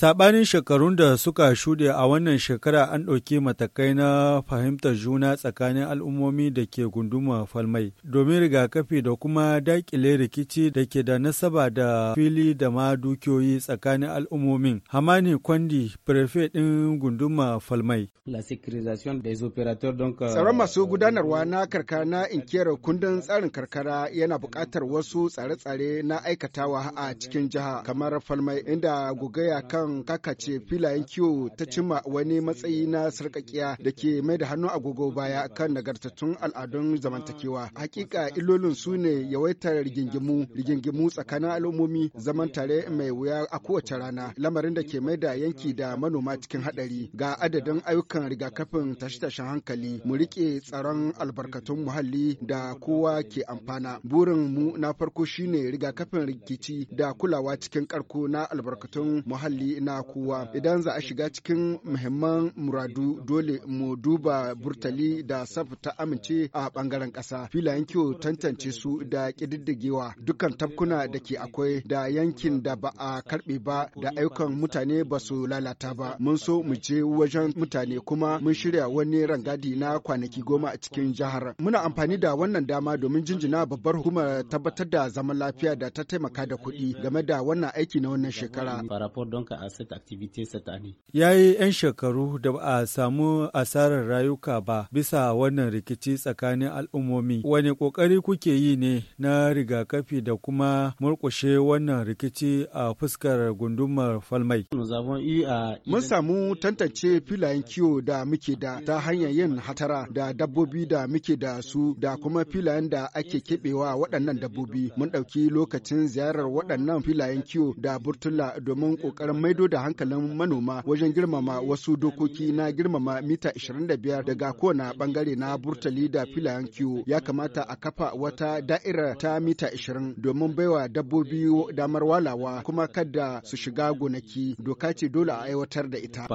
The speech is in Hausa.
Saɓanin shekarun da suka shuɗe a wannan shekara an ɗauki matakai na fahimtar juna tsakanin al'ummomi da ke gunduma falmai domin rigakafi da kuma daƙile rikici da ke da nasaba da fili da ma dukiyoyi tsakanin al'ummomin. Hamani Kwandi, prefe ɗin gunduma falmai. Euh, Tsaron masu gudanarwa na karkara na inkiyar kundin tsarin karkara yana buƙatar wasu tsare-tsare na aikatawa a cikin jiha kamar falmai inda gugaya kan kan kakace filayen kiwo ta cima wani matsayi na sarkakiya da ke mai da hannu agogo baya kan nagartattun al'adun zamantakewa. Hakika ilolin su ne yawaitar rigingimu, rigingimu tsakanin al'ummomi zaman tare mai wuya a kowace rana, lamarin da ke mai da yanki da manoma cikin haɗari ga adadin ayyukan rigakafin tashe-tashen hankali, mu rike tsaron albarkatun muhalli da kowa ke amfana. Burin mu na farko shine rigakafin rikici da kulawa cikin karko na albarkatun muhalli na kowa idan za a shiga cikin muhimman muradu dole mu duba burtali da saf amince a bangaren kasa filayen kiwo tantance su da kididdigewa dukkan tabkuna da ke akwai da yankin da ba a karbe ba da ayyukan mutane ba su lalata ba mun so mu je wajen mutane kuma mun shirya wani rangadi na kwanaki goma a cikin jihar muna amfani da wannan dama domin jinjina babbar hukumar tabbatar da zaman lafiya da ta taimaka da kuɗi game da wannan aiki na wannan shekara set activité cette année. Ya yi 'yan shekaru da ba a samu asarar rayuka ba bisa wannan rikici tsakanin al'ummomi. Wani ƙoƙari kuke yi ne na rigakafi da kuma murkushe wannan rikici a fuskar gundumar falmai? Mun samu tantance filayen kiwo da muke da ta hanyar yin hatara da dabbobi da muke da su da kuma filayen da ake keɓewa waɗannan dabbobi. Mun ɗauki lokacin ziyarar waɗannan filayen kiwo da burtula domin ƙoƙarin mai maido da hankalin manoma wajen girmama wasu dokoki na girmama mita 25 daga kowane bangare na burtali da filayen kiwo ya kamata a kafa wata da'ira ta mita 20 domin baiwa dabbobi damar walawa kuma kada su shiga gonaki doka ce dole a aiwatar da ita.